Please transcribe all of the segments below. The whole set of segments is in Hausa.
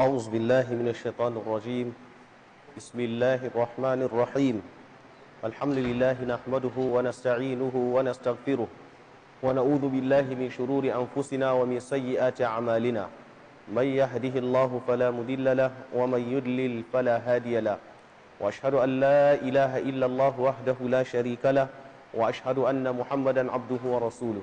أعوذ بالله من الشيطان الرجيم بسم الله الرحمن الرحيم الحمد لله نحمده ونستعينه ونستغفره ونعوذ بالله من شرور أنفسنا ومن سيئات أعمالنا من يهده الله فلا مضل له ومن يضلل فلا هادي له وأشهد أن لا إله إلا الله وحده لا شريك له وأشهد أن محمدا عبده ورسوله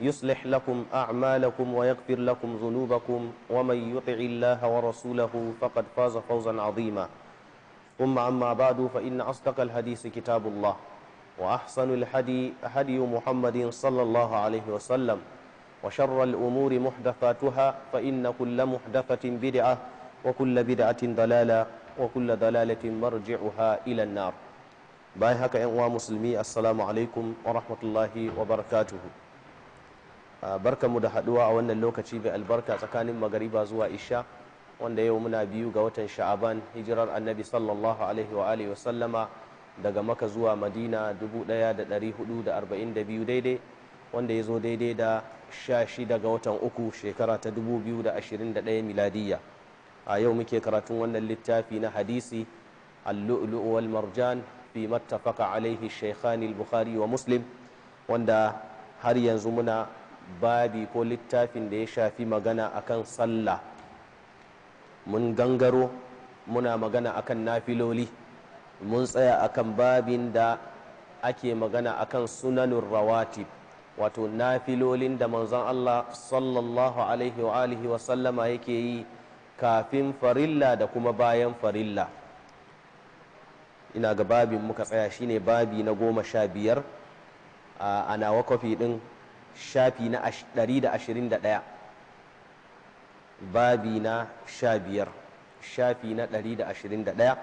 يصلح لكم أعمالكم ويغفر لكم ذنوبكم ومن يطع الله ورسوله فقد فاز فوزا عظيما ثم أما بعد فإن أصدق الحديث كتاب الله وأحسن الحدي هدي محمد صلى الله عليه وسلم وشر الأمور محدثاتها فإن كل محدثة بدعة وكل بدعة ضلالة وكل ضلالة مرجعها إلى النار باي هكا مسلمي السلام عليكم ورحمة الله وبركاته Ah, barkamu da haduwa a wannan lokaci mai albarka tsakanin magariba zuwa isha wanda yau muna biyu ga watan sha'aban hijirar annabi sallallahu alaihi wa alihi wasallama daga maka zuwa madina 1442 daidai wanda ya zo daidai da 16 ga watan uku shekara ta 2021 miladiyya a yau muke karatun wannan littafi na hadisi al-lu'lu'u wal marjan fi mattafaqa alaihi shaykhani al-bukhari wa muslim wanda har yanzu muna babi ko littafin da ya shafi magana akan sallah mun gangaro muna magana akan nafiloli mun tsaya akan babin da ake magana akan sunanun rawatib wato nafilolin da manzon Allah sallallahu alaihi wa alihi wa sallama yake yi kafin farilla da kuma bayan farilla ina ga babin muka tsaya shine babi na goma sha biyar a nawa kwafi din shafi na 121 babi na 15 shafi na 121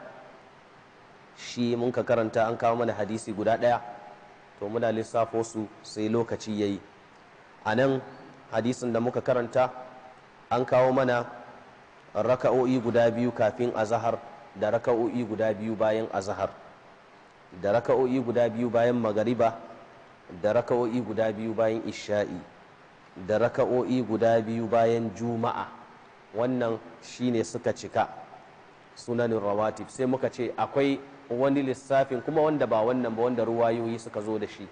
shi mun ka karanta an kawo mana hadisi guda ɗaya to muna lissafo su sai lokaci ya yi a nan hadisin da muka karanta an kawo mana raka'o'i guda biyu kafin azahar da raka'o'i guda biyu bayan azahar da raka'o'i guda biyu bayan magariba da raka'o'i guda biyu bayan isha'i da raka'o'i guda biyu bayan juma'a wannan shine suka cika sunanin rawatib sai muka ce akwai wani lissafin kuma wanda ba wannan ba wanda ruwayoyi suka zo da shi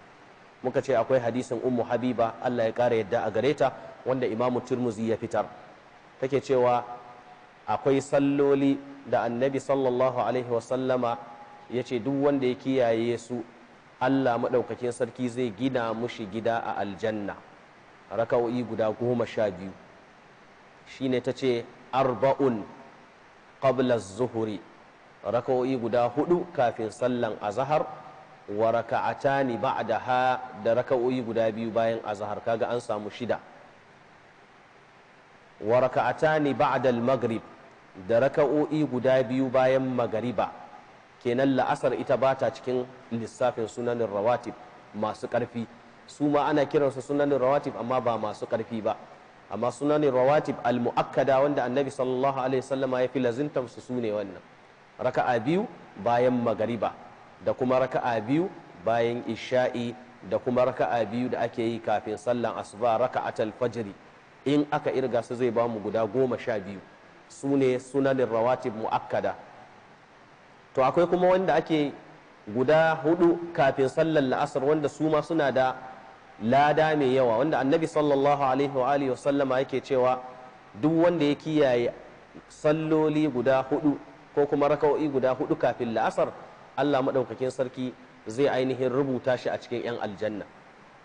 muka ce akwai hadisin ummu habiba Allah ya kara yadda a gare ta wanda imamu turmuzi ya fitar take cewa akwai salloli da annabi sallallahu alaihi wasallama ya ce duk wanda ya kiyaye su Allah maɗaukakin sarki zai gina mushi gida a aljanna raka'o'i guda goma sha biyu shine ta ce arba'un qabla zuhuri raka'o'i guda hudu kafin sallan azahar wa raka'atani ba'daha da raka'o'i guda biyu bayan azahar kaga an samu shida wa ni ba'da al-maghrib da raka'o'i guda biyu bayan magariba kenan la'asar ita ba ta cikin lissafin sunanin rawatib masu ƙarfi su ma ana kiransu sunanin rawatib amma ba masu ƙarfi ba amma sunanin rawatib al-mu'akkada wanda annabi sallallahu alaihi ya fi lazimtar su sune wannan raka'a biyu bayan magariba da kuma raka'a biyu bayan isha'i da kuma raka'a biyu da ake yi kafin sallan asuba raka'atul fajri in aka irga su zai ba mu guda goma sha biyu su ne sunanin rawatib mu'akkada to akwai kuma wanda ake guda hudu kafin sallar la'asar wanda su ma suna da lada mai yawa wanda annabi sallallahu alaihi wa alihi wasallama yake cewa duk wanda ya kiyaye salloli guda hudu ko kuma raka'o'i guda hudu kafin la'asar Allah madaukakin sarki zai ainihin rubuta shi a cikin 'yan aljanna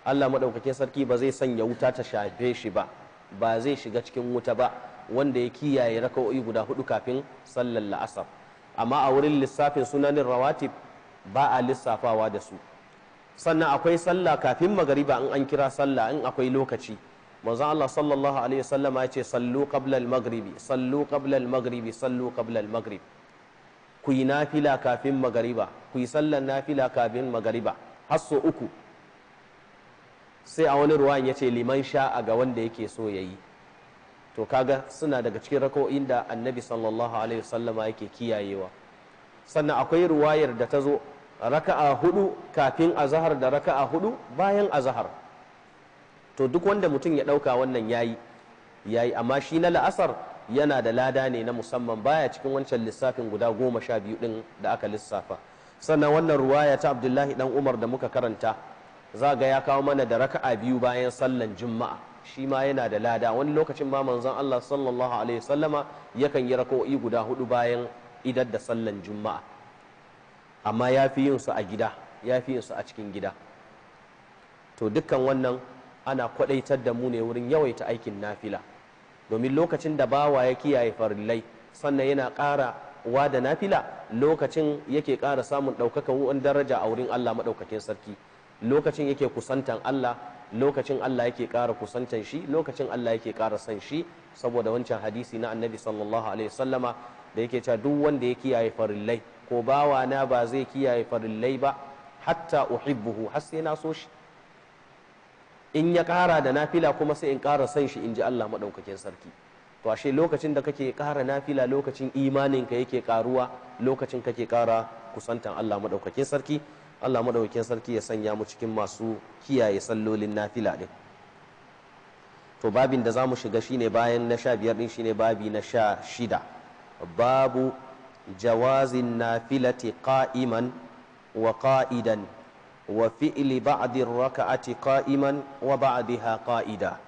Allah madaukakin sarki ba zai sanya wuta ta shafe shi ba ba zai shiga cikin wuta ba wanda ya kiyaye raka'o'i guda hudu kafin sallar la'asar amma a wurin lissafin sunanin rawatib ba a lissafawa da su sannan akwai sallah kafin magariba in an kira sallah in akwai lokaci manzon Allah sallallahu alaihi wasallama ya ce sallu qabla al-maghribi sallu qabla al-maghribi sallu qabla al-maghrib ku yi nafila kafin magariba ku yi sallar nafila kafin magariba har uku sai a wani ruwan ya ce liman sha'a ga wanda yake so ya yi to kaga suna daga cikin rako'in da annabi sallallahu alaihi wasallama yake kiyayewa sannan akwai ruwayar da ta zo raka'a hudu kafin azahar da raka'a hudu bayan azahar to duk wanda mutum ya dauka wannan yayi yayi amma shi na la'asar yana da lada ne na musamman baya cikin wancan lissafin guda goma sha biyu din da aka lissafa sannan wannan ruwaya ta abdullahi dan umar da muka karanta za ga ya kawo mana da raka'a biyu bayan sallan juma'a shi ma yana da lada wani lokacin ma manzon Allah sallallahu alaihi wasallama yakan yi rako'i guda hudu bayan idar da sallan juma'a amma ya fi yin su a gida ya fi yin su a cikin gida to dukkan wannan ana kwadaitar da mu ne wurin yawaita aikin nafila domin lokacin da bawa ya kiyaye farillai sannan yana ƙara wa da nafila lokacin yake ƙara samun ɗaukakan daraja a wurin Allah maɗaukakin sarki lokacin yake kusantan Allah lokacin Allah yake kara kusantan shi lokacin Allah yake kara san shi saboda wancan hadisi na annabi sallallahu alaihi wasallama da yake cewa duk wanda ya kiyaye farillai ko bawa na ba zai kiyaye farillai ba hatta uhibbuhu har sai na so shi in ya kara da nafila kuma sai in kara san shi in ji Allah madaukakin sarki to ashe lokacin da kake kara nafila lokacin imaninka yake karuwa lokacin kake kara kusantan Allah madaukakin sarki Allah madaukakin sarki ya sanya mu cikin masu kiyaye sallolin nafila din to babin da za mu shiga shine bayan na sha biyar din shine babi na sha shida babu jawazin nafilati qa'iman wa qa'idan wa fi'li ba'd raka'ati qa'iman wa ba'daha qa'ida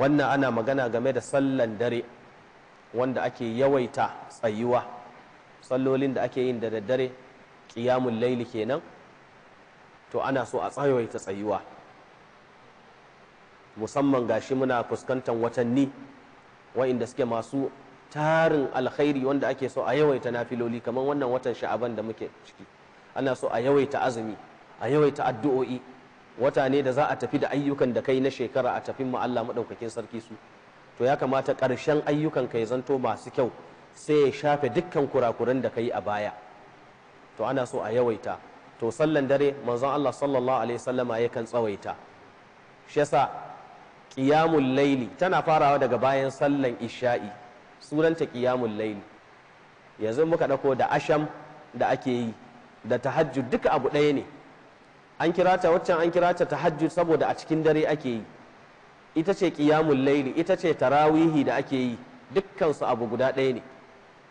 wannan ana magana game da sallan dare wanda ake yawaita tsayuwa sallolin da ake yin da daddare ƙiyamun laili kenan to ana so a tsawaita tsayuwa musamman ga shi muna fuskantar watanni wa'inda suke masu tarin alkhairi wanda ake so a yawaita nafiloli kamar wannan watan sha'aban da muke ciki ana so a yawaita azumi a yawaita addu'o'i wata ne da za a tafi da ayyukan da kai na shekara a tafin mu Allah madaukakin sarki su to ya kamata ƙarshen ayyukan ka ya zanto masu kyau sai ya shafe dukkan kurakuran da kai a baya to ana so a yawaita to sallan dare manzon Allah sallallahu alaihi wasallama yakan tsawaita shi yasa qiyamul laili tana farawa daga bayan sallan isha'i sunanta qiyamul laili yanzu muka dako da asham da ake yi da tahajjud duka abu ɗaya ne an kira ta waccan an kira ta tahajjud saboda a cikin dare ake yi ita ce qiyamul laili ita ce tarawihi da ake yi dukkan su abu guda ɗaya ne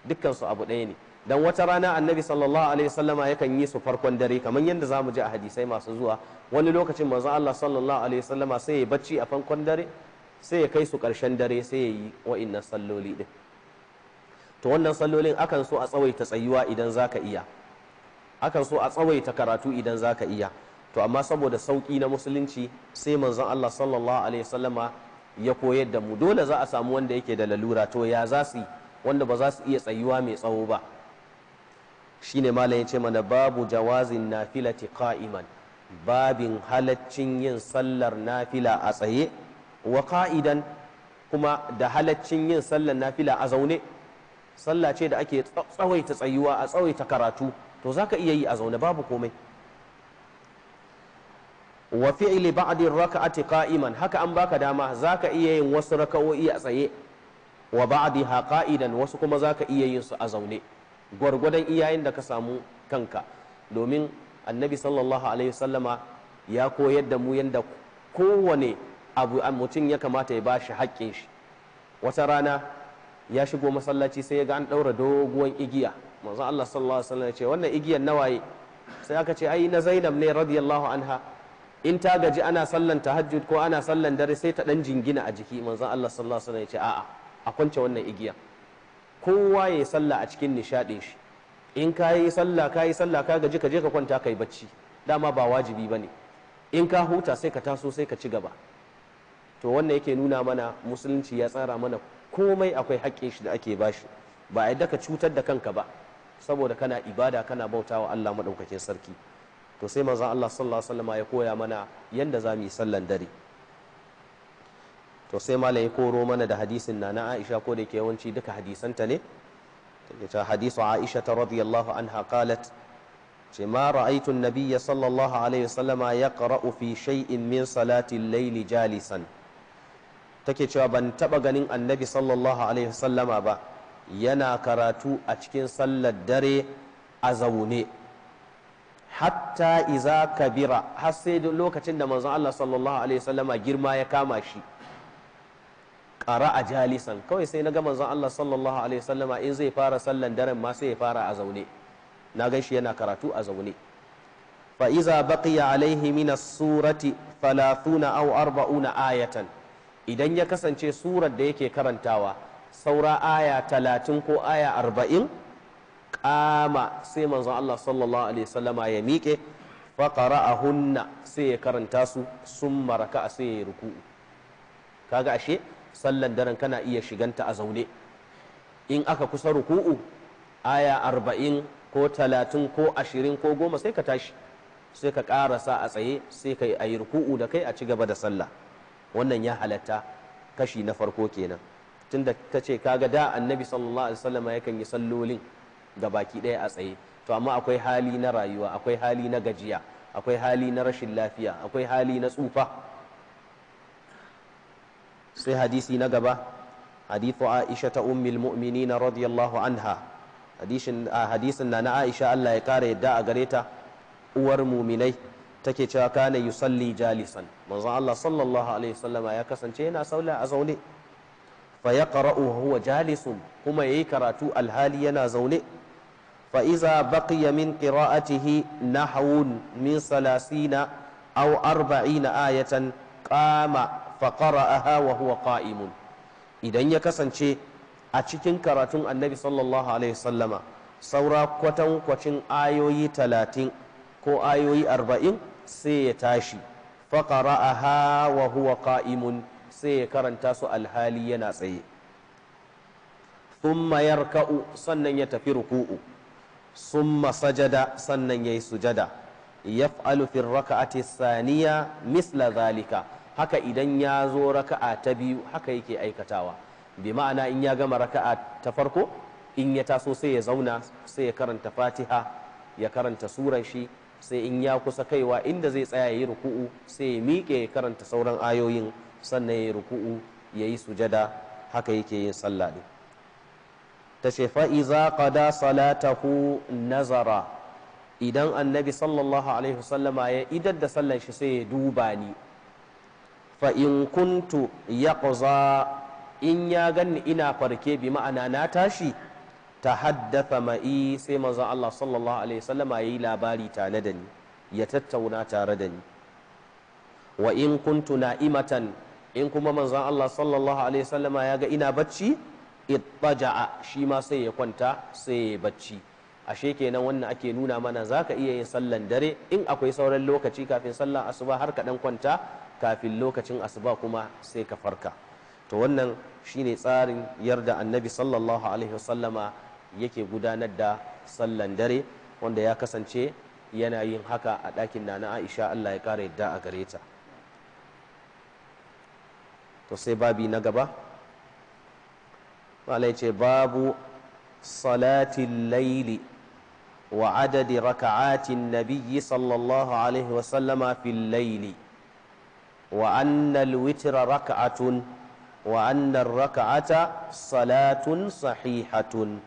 dukkan su abu ɗaya ne dan wata rana annabi sallallahu alaihi wasallama yakan yi su farkon dare kamar yadda zamu ji a hadisai masu zuwa wani lokacin manzo Allah sallallahu alaihi wasallama sai ya bacci a farkon dare sai ya kai su karshen dare sai ya yi wa'innan salloli din to wannan sallolin akan so a tsawaita tsayuwa idan zaka iya akan so a tsawaita karatu idan zaka iya to amma saboda sauki na musulunci sai manzon Allah sallallahu alaihi wasallama ya koyar da mu dole za a samu wanda yake da lalura to ya za su wanda ba za su iya tsayuwa mai tsawo ba shine malam ya ce mana babu jawazin nafilati qa'iman babin halaccin yin sallar nafila a tsaye wa qa'idan kuma da halaccin yin sallar nafila a zaune sallah ce da ake tsawaita tsayuwa a tsawaita karatu to zaka iya yi a zaune babu komai wa fi'li ba'di raka'ati qa'iman haka an baka dama zaka iya yin wasu raka'o'i a tsaye wa ba'diha qa'idan wasu kuma zaka iya yin su a zaune gwargwadon iyayen da ka samu kanka domin annabi sallallahu alaihi wasallama ya koyar da mu yadda kowane abu mutum ya kamata ya ba shi haƙƙin shi wata rana ya shigo masallaci sai ya ga an ɗaura doguwan igiya manzo Allah sallallahu alaihi wasallam ce wannan igiyar nawaye sai aka ce ai na Zainab ne radiyallahu anha in ta gaji ana sallan tahajjud ko ana sallan dare sai ta dan jingina a jiki manzo Allah sallallahu alaihi wasallam ya ce a'a a kwance wannan igiyar kowa ya yi sallah a cikin nishaɗin shi in ka yi sallah ka yi sallah ka gaji ka je ka kwanta ka yi bacci dama ba wajibi ba ne in ka huta sai ka taso sai ka ci gaba to wannan yake nuna mana musulunci ya tsara mana komai akwai haƙƙin shi da ake bashi ba a yadda ka cutar da kanka ba saboda kana ibada kana bauta wa Allah maɗaukakin sarki to sai manzon Allah sallallahu alaihi wasallam ya koya mana yanda za mu yi sallan dare to sai malam ya koro mana da hadisin na na Aisha ko da ke yawanci duka hadisanta ne take ta hadisu Aisha ta radiyallahu anha qalat ce ma ra'aytu Nabiyya sallallahu alaihi wasallama yaqra'u fi shay'in min salatin al-layli jalisan take cewa ban taba ganin annabi sallallahu alaihi wasallama ba yana karatu a cikin sallar dare a zaune hatta iza kabira har sai lokacin da manzon Allah sallallahu alaihi wasallama girma ya kama shi a jalisan kawai sai na ga manzon Allah sallallahu alaihi wasallama in zai fara sallan daren ma sai ya fara a zaune na ganshi yana karatu a zaune fa iza baqiya alaihi min as-surati 30 aw 40 ayatan idan ya kasance surar da yake karantawa saura aya 30 ko aya 40 kama sai manzon Allah sallallahu alaihi wasallama ya miƙe fa qara'ahunna sai ya karanta su summa raka'a sai ya ruku kaga ashe sallan daren kana iya shiganta a zaune in aka kusa ruku'u aya arba'in ko talatin ko ashirin ko goma sai ka tashi sai ka karasa a tsaye sai ka yi ruku'u da kai a ci gaba da sallah wannan ya halatta kashi na farko kenan tunda ta ce kaga da annabi sallallahu alaihi wasallam yakan yi sallolin ga baki ɗaya a tsaye to amma akwai hali na rayuwa akwai hali na gajiya akwai hali na rashin lafiya akwai hali na tsufa sai hadisi na gaba hadithu aisha ta ummil mu'minina radiyallahu anha hadisin hadisin na na aisha Allah ya kara yadda a gare ta uwar muminai take cewa kana yusalli jalisan manzon Allah sallallahu alaihi wasallama ya kasance yana saula a zaune fa yaqra'u huwa jalisun kuma yayi karatu alhali yana zaune fa iza baqiya min qira'atihi nahwun min salasina aw arba'ina ayatan qama faqara'aha wa huwa qa'imun idan ya kasance a cikin karatun annabi sallallahu saura kwatankwacin ayoyi talatin ko ayoyi arba'in sai ya tashi faqara'aha wa huwa qa'imun sai ya karanta su alhali yana tsaye thumma yarka'u sannan ya tafi ruku'u summa sajada sannan yayi sujada yaf'alu fi raka'ati saniya misla zalika haka idan ya zo raka'a ta biyu haka yake aikatawa bi ma'ana in ya gama raka'a ta farko in ya taso sai ya zauna sai ya karanta fatiha ya karanta suran shi sai in ya kusa kaiwa inda zai tsaya ya yi ruku'u sai ya miƙe ya karanta sauran ayoyin sannan ya yi ruku'u ya yi sujada haka yake yin sallah ne ta shefa iza qada salatahu nazara idan annabi sallallahu alaihi wasallama ya idar da sallan shi sai ya duba ni fa in kuntu in ya gani ina farke bi ma'ana na tashi ta haddafa ma'i sai manzon Allah sallallahu alaihi wasallama yayi labari tare da ni ya tattauna tare da ni wa in kuntu na'imatan in kuma manzo Allah sallallahu alaihi wasallama ya ga ina bacci ittaja'a shi ma sai ya kwanta sai ya bacci ashe kenan wannan ake nuna mana zaka iya yin sallan dare in akwai sauran lokaci kafin sallan asuba har ka dan kwanta kafin lokacin asuba kuma sai ka farka to wannan shine tsarin yarda annabi sallallahu alaihi wasallama yake gudanar da sallan dare wanda ya kasance yana yin haka a ɗakin na na aisha allah ya ƙara yadda a gare ta to sai babi na gaba malai ce babu salatin laili wa adadi raka'atin nabiyyi sallallahu alaihi wasallama fil laili wa annal witra raka'atun wa annar raka'ata salatun sahihatun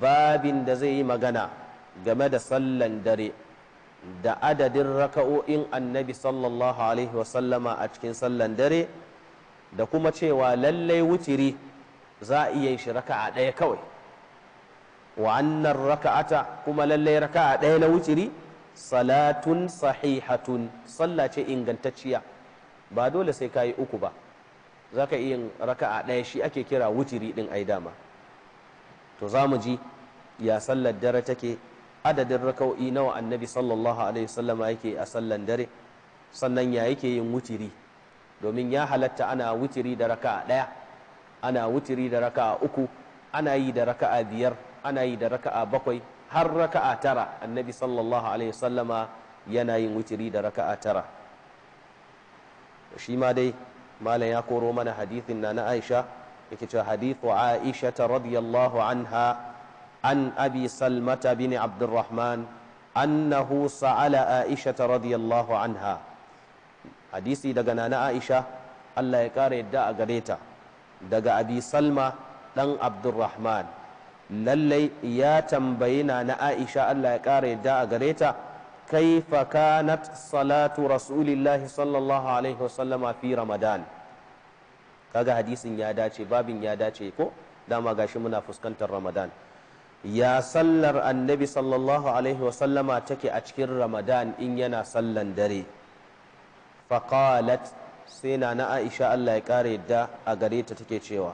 babin da zai yi magana game da sallan dare da adadin raka'o'in annabi sallallahu alaihi wasallama a cikin sallan dare da kuma cewa lallai wutiri za a iya shi raka'a ɗaya kawai wa'annan annan raka'ata kuma lallai raka'a ɗaya na wutiri salatun sahihatun sallah ce ingantacciya ba dole sai ka yi uku ba za ka iya raka'a ɗaya shi ake kira wutiri ɗin ai dama to za mu ji ya sallar dare take adadin raka'o'i nawa annabi sallallahu alaihi wasallam yake a sallar dare sannan ya yake yin wutiri domin ya halatta ana wutiri da raka'a ɗaya ana wutiri da raka'a uku ana yi da raka'a biyar ana yi da raka'a bakwai har raka'a tara annabi sallallahu alaihi wasallama yana yin wutiri da raka'a tara shi ma dai malam ya koro mana hadithin na na aisha yake cewa hadithu aisha ta radiyallahu anha an abi salmata bin abdurrahman annahu sa'ala aisha ta radiyallahu anha hadisi daga na na aisha allah ya kara yadda a gare ta daga abi salma dan abdurrahman lallai ya tambayi na na aisha allah ya kara yadda a gare ta كيف كانت صلاة رسول الله صلى الله عليه وسلم في رمضان kaga hadisin ya dace babin ya dace ko dama gashi muna fuskantar ramadan ya sallar annabi sallallahu alaihi wasallama take a cikin ramadan in yana sallan dare faqalat sai na na aisha allah ya kare yadda a gare ta take cewa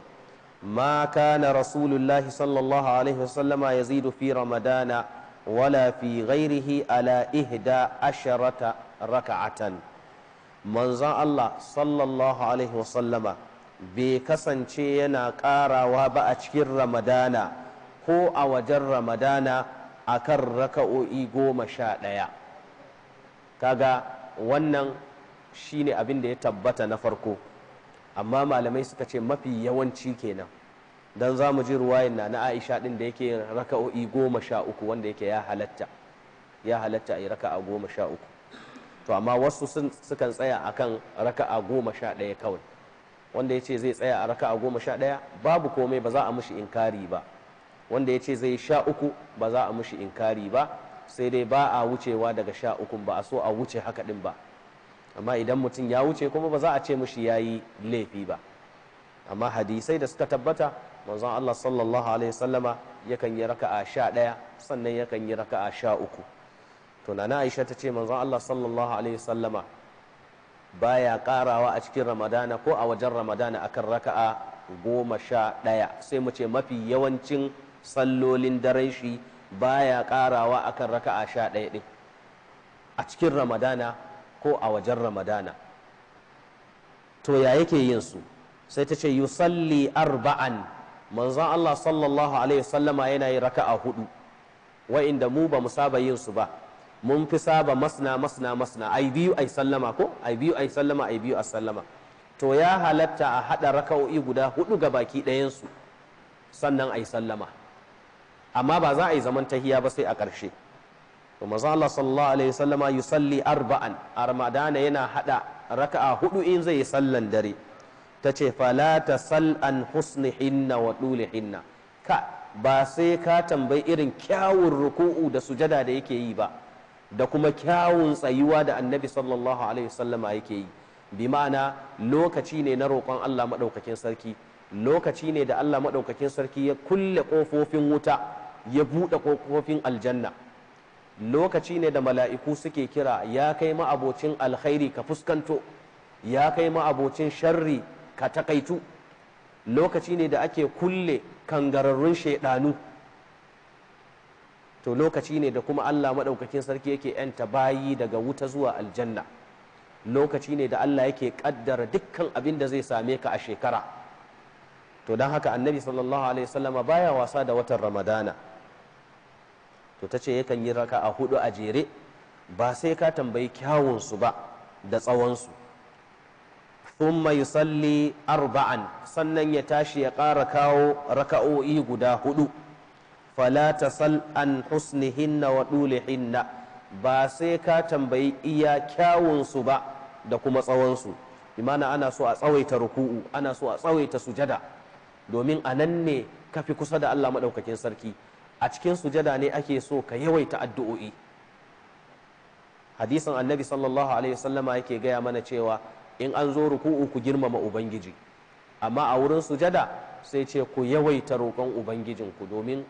ma kana rasulullahi sallallahu alaihi wasallama yazidu fi ramadana wala fi ghairihi ala ihda asharata raka'atan manzon Allah sallallahu alaihi wasallama bai kasance yana ƙarawa ba a cikin ramadana ko a wajen ramadana a kan raka'o'i goma sha ɗaya kaga wannan shine abinda ya tabbata na farko amma malamai suka ce mafi yawanci kenan dan za mu ji ruwayin na na aisha din da yake raka'o'i goma sha uku wanda yake ya halatta ya halatta a yi raka'a goma sha uku to amma wasu sukan tsaya akan raka'a goma sha ɗaya kawai wanda ya ce zai tsaya a raka'a goma sha ɗaya babu komai ba za a mushi inkari ba wanda ya ce zai sha uku ba za a mushi inkari ba sai dai ba a wucewa daga sha uku ba a so a wuce haka ɗin ba amma idan mutum ya wuce kuma ba za a ce mushi ya yi laifi ba amma hadisai da suka tabbata manzon Allah sallallahu alaihi sallama yakan yi raka'a sha ɗaya sannan yakan yi raka'a sha uku to na Aisha ta ce manzon Allah sallallahu alaihi sallama baya karawa a cikin ramadana ko a wajen ramadana akan raka'a goma sha ɗaya sai mu ce mafi yawancin sallolin daren shi baya karawa akan raka'a sha ɗaya ɗin a cikin ramadana ko a wajen ramadana to ya yake yin su sai ta ce yusalli arba'an manzon Allah sallallahu alaihi sallama yana yin raka'a hudu wa'inda mu ba mu saba yin su ba mun fi saba masna masna masna ai biyu ai sallama ko ai biyu ai sallama ai biyu a sallama to ya halatta a hada raka'o'i guda hudu ga baki ɗayan su sannan ai sallama amma ba za a yi zaman tahiya ba sai a ƙarshe to manzon Allah sallallahu alaihi sallama yusalli arba'an a ramadana yana hada raka'a hudu in zai yi sallan dare ta ce fala ta sal an husnihinna wa dulihinna ka ba sai ka tambayi irin kyawun ruku'u da sujada da yake yi ba da kuma kyawun tsayuwa da annabi sallallahu alaihi wasallama yake yi bi ma'ana lokaci ne na roƙon Allah maɗaukakin sarki lokaci ne da Allah maɗaukakin sarki ya kulle ƙofofin wuta ya buɗe ƙofofin aljanna lokaci ne da mala'iku suke kira ya kai ma'abocin alkhairi ka fuskanto ya kai ma'abocin sharri ka takaitu lokaci ne da ake kulle kangararrun shaidanu to lokaci ne da kuma Allah maɗaukakin sarki yake yanta bayi daga wuta zuwa aljanna lokaci ne da Allah yake kaddara dukkan abin da zai same ka a shekara to don haka annabi sallallahu alaihi wasallama baya wasa da watan ramadana to ta ce yakan yi raka a hudu a jere ba sai ka tambayi kyawunsu ba da tsawonsu thumma yusalli arba'an sannan ya tashi ya ƙara kawo raka'o'i guda hudu fala tasal an husnihinna wa dulihinna ba sai ka tambayi iya kyawunsu ba da kuma tsawon su imana ana so a tsawaita ruku'u ana so a tsawaita sujada domin a nan ne ka fi kusa da Allah maɗaukakin sarki a cikin sujada ne ake so ka yawaita addu'o'i hadisin annabi sallallahu alaihi wasallama yake gaya mana cewa in an zo ruku'u ku girmama ubangiji amma a wurin sujada sai ce ku yawaita roƙon ku domin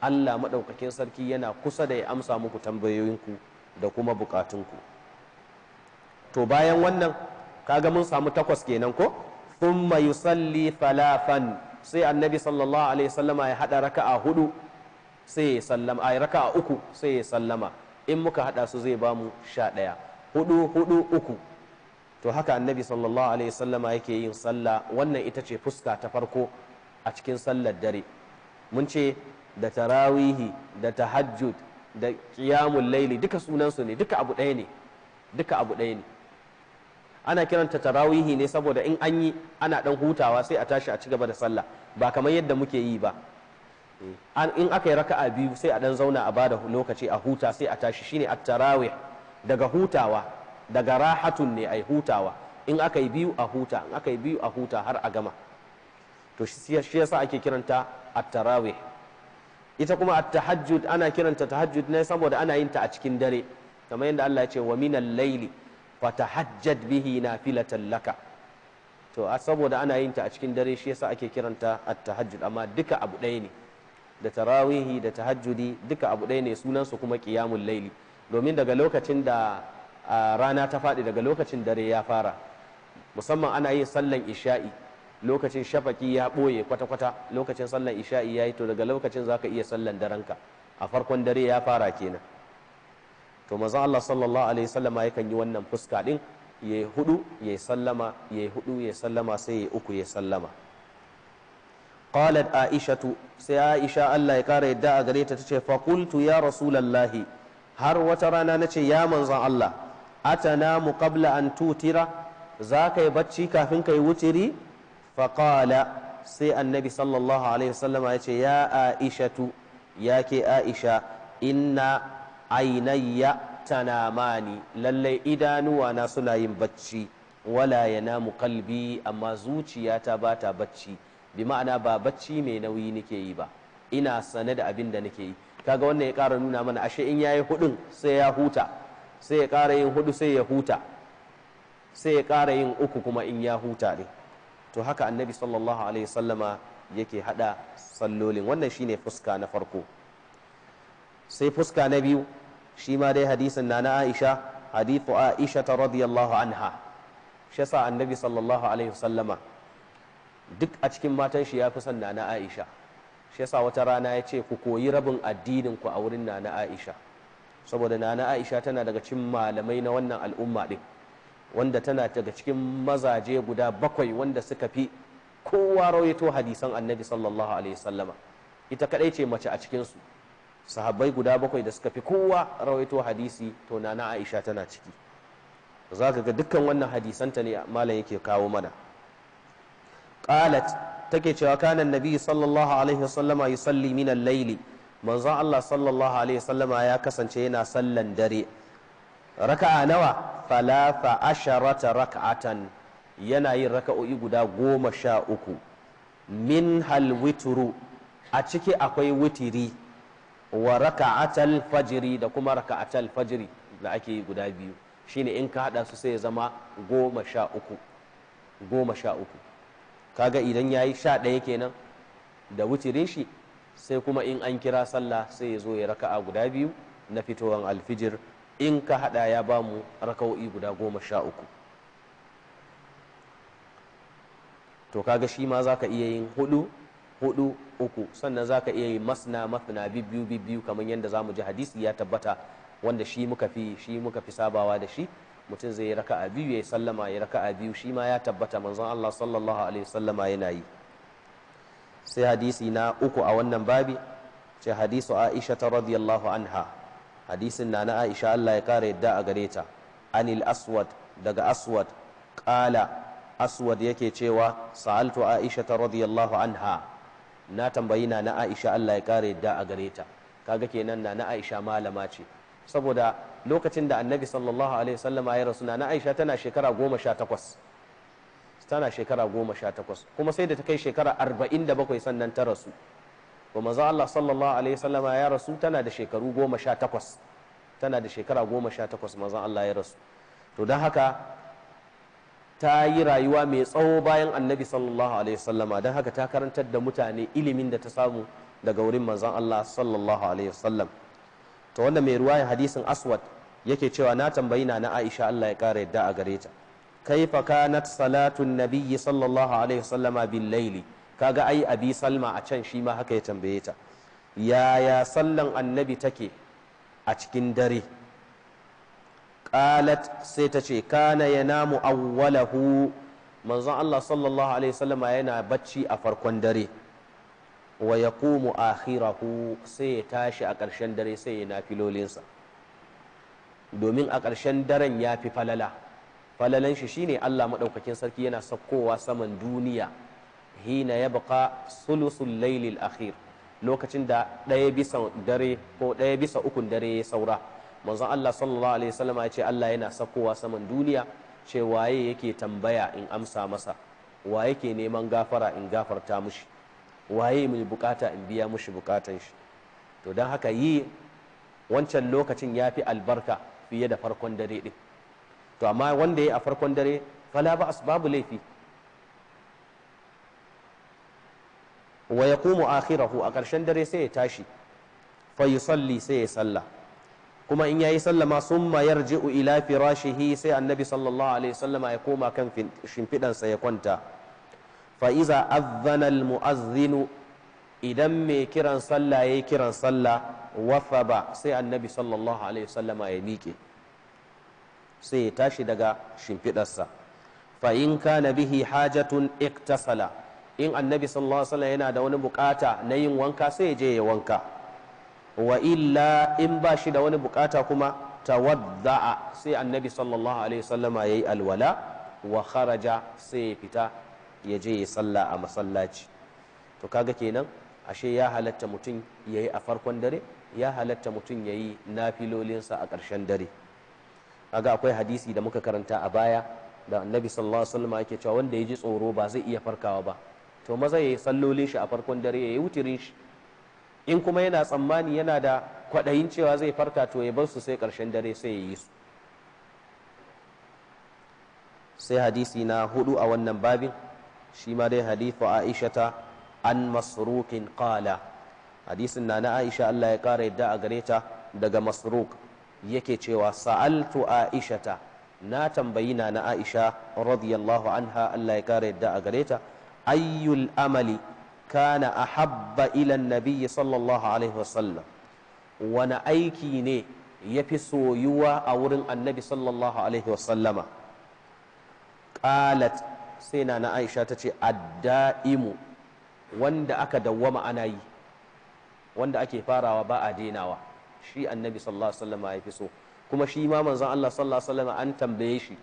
allah maɗaukakin sarki yana kusa da ya amsa muku tambayoyinku da kuma buƙatunku to bayan wannan kaga mun samu takwas kenan ko thumma yusalli falafan sai annabi sallallahu alaihi sallama ya haɗa raka'a hudu sai ya sallama a raka'a uku sai ya sallama in muka haɗa su zai bamu sha ɗaya hudu hudu uku to haka annabi sallallahu alaihi sallama yake yin sallah wannan ita ce fuska ta farko a cikin sallar dare mun ce da tarawihi da tahajjud da qiyamul laili duka sunansu ne duka abu ɗaya ne duka abu ɗaya ne ana kiranta tarawihi ne saboda in an yi ana dan hutawa sai a tashi a ci gaba da sallah ba kamar yadda muke yi ba in aka yi raka'a biyu sai a dan zauna a bada lokaci a huta sai a tashi shine at-tarawih daga hutawa daga rahatun ne a hutawa in aka yi biyu a huta in aka yi biyu a huta har a gama to shi yasa ake kiranta at-tarawih ita kuma at-tahajjud ana kiranta tahajjud ne saboda ana yin ta a cikin dare kamar yadda Allah ya ce wa minal layli Tahajjad bihi nafilatan laka to saboda ana yin ta a cikin dare shi yasa ake kiranta at-tahajjud amma duka abu ɗaya ne da tarawihi da tahajjudi duka abu ɗaya ne sunan su kuma qiyamul layli domin daga lokacin da rana ta faɗi daga lokacin dare ya fara musamman ana yin sallan isha'i lokacin shafaki ya ɓoye kwata-kwata lokacin sallan isha'i ya yi to daga lokacin za ka iya sallan darenka a farkon dare ya fara kenan to maza Allah sallallahu alaihi sallama yakan yi wannan fuska ɗin ya hudu ya sallama ya hudu ya sallama sai ya uku ya sallama qalat aishatu sai aisha Allah ya kara yadda a gare ta ta ce qultu ya rasulallahi har wata rana na ce ya manzon Allah atana mu qabla an tutira za ka yi bacci kafin ka yi wutiri faƙala sai annabi sallallahu alaihi wasallama ya ce ya aishatu ya ke aisha inna ainayya tanamani lallai idanuwa na suna yin bacci wala ya mu kalbi amma zuciyata ba ta bacci bi ma'ana ba bacci mai nauyi nike yi ba ina sane da abin da nake yi kaga wannan ya ƙara nuna mana ashe in ya yi hudun sai ya huta sai ya ƙara yin hudu sai ya huta sai ya ƙara yin uku kuma in ya huta ne to haka annabi sallallahu alaihi sallama yake hada sallolin wannan shine fuska na farko sai fuska na biyu shi ma dai hadisin na na aisha hadithu aisha ta radiyallahu anha shi sa annabi sallallahu alaihi sallama duk a cikin matan shi ya fi son na na aisha shi yasa wata rana ya ce ku koyi rabin addinin ku a wurin na na aisha saboda nana aisha tana daga cikin malamai na wannan al'umma din wanda tana daga cikin mazaje guda bakwai wanda suka fi kowa rawaito hadisan annabi sallallahu alaihi wasallama ita kadai ce mace a cikin su sahabbai guda bakwai da suka fi kowa rawaito hadisi to nana aisha tana ciki zaka ga dukkan wannan hadisanta ne malam yake kawo mana qalat take cewa kana annabi sallallahu alaihi wasallama yusalli min al-layli manzon Allah sallallahu alaihi wasallama ya kasance yana sallan dare raka'a nawa falafa asharata raka'atan yana yin raka'o'i guda goma sha uku min halwituru a ciki akwai witiri wa raka'atal fajiri da kuma raka'atal fajiri da ake yi guda biyu shine in ka hada su sai ya zama goma sha uku goma sha uku kaga idan yayi sha ɗaya kenan da wutirin shi sai kuma in an kira sallah sai ya zo ya raka'a guda biyu na fitowar alfijir in ka hada ya ba mu raka'o'i guda goma sha uku to kaga shi ma za ka iya yin hudu hudu uku sannan za ka iya yin masna mafina biyu biyu kamar yadda za mu ji hadisi ya tabbata wanda shi muka fi shi muka fi sabawa da shi mutum zai yi raka'a biyu ya sallama ya raka'a biyu shi ma ya tabbata manzon Allah sallallahu alaihi wasallama yana yi sai hadisi na uku a wannan babi ce hadisu aisha ta radiyallahu anha hadisin na na aisha Allah ya kara yadda a gare ta anil aswad daga aswad kala aswad yake cewa sa'altu aisha ta radiyallahu anha na tambayi na na aisha Allah ya kara yadda a gare ta kaga kenan na na aisha malama ce saboda lokacin da annabi sallallahu alaihi wasallam ya rasu na aisha tana shekara goma sha takwas tana shekara goma sha takwas kuma sai da ta kai shekara arba'in da bakwai sannan ta rasu ba maza Allah sallallahu alaihi wasallama ya rasu tana da shekaru goma sha takwas tana da shekara goma sha takwas maza Allah ya rasu to don haka ta yi rayuwa mai tsawo bayan annabi sallallahu alaihi wasallama don haka ta karantar da mutane ilimin da ta samu daga wurin maza Allah sallallahu alaihi sallam to wanda mai ruwayan hadisin aswad yake cewa na tambayi na na Aisha Allah ya kara yadda a gare ta kaifa kanat salatun nabiyyi sallallahu alaihi wasallama bil laili kaga ai abi salma a can shi ma haka ya tambaye ta yaya sallan annabi take a cikin dare qalat sai ta ce kana yanamu awwalahu manzon Allah sallallahu alaihi wasallama yana bacci a farkon dare wa yaqumu akhirahu sai ya tashi a ƙarshen dare sai ya nafilolinsa domin a ƙarshen daren ya fi falala falalan shi shine Allah madaukakin sarki yana sakkowa saman duniya hina ya baka sulusul lailil akhir lokacin da ɗaya bisa dare ko ɗaya bisa ukun dare ya saura manzon Allah sallallahu alaihi wasallam ya ce Allah yana sakkowa saman duniya ce waye yake tambaya in amsa masa waye yake neman gafara in gafarta mushi waye mai bukata in biya mushi bukatan shi to don haka yi wancan lokacin ya fi albarka fiye da farkon dare din to amma wanda ya a farkon dare fala ba babu laifi wa yaqumu akhirahu a ƙarshen dare sai ya tashi fa yusalli sai ya salla kuma in ya yi sallama summa yarji'u ila firashihi sai annabi sallallahu alaihi wasallama ya koma kan shimfidansa ya kwanta fa iza adhana al idan mai kiran sallah yayi kiran sallah wafa ba sai annabi sallallahu alaihi wasallama ya miƙe sai ya tashi daga shimfiɗarsa fa in kana bihi hajatun iktasala in annabi sallallahu alaihi wasallam yana da wani bukata na yin wanka sai ya je ya wanka wa illa in ba shi da wani bukata kuma tawadda'a sai annabi sallallahu alaihi wasallama yayi alwala wa kharaja sai ya fita ya je ya salla a masallaci to kaga kenan ashe ya halatta mutum yayi a farkon dare ya halatta mutum yayi nafilolinsa a ƙarshen dare kaga akwai hadisi da muka karanta a baya da annabi sallallahu alaihi wasallam yake cewa wanda ya ji tsoro ba zai iya farkawa ba to maza yayi yi sallolin shi a farkon dare yayi yi wutirin shi in kuma yana tsammani yana da kwaɗayin cewa zai farka to ya bar su sai karshen dare sai ya yi su sai hadisi na hudu a wannan babin shi ma dai hadithu aishata an masrukin qala hadisin na aisha Allah ya ƙara yadda a gare ta daga masruk yake cewa sa'altu aishata na tambayi na na aisha radiyallahu anha Allah ya kare yadda a gare ta ayyul amali kana ahabba ila nabiyyi sallallahu alaihi wasallam wani aiki ne ya fi soyuwa a wurin annabi sallallahu alaihi wasallama qalat sai na na aisha ta ce adda'imu wanda aka dawwama ana yi wanda ake farawa ba a denawa shi annabi sallallahu alaihi wasallam ya fi so kuma shi ma manzon Allah sallallahu alaihi wasallam an tambaye shi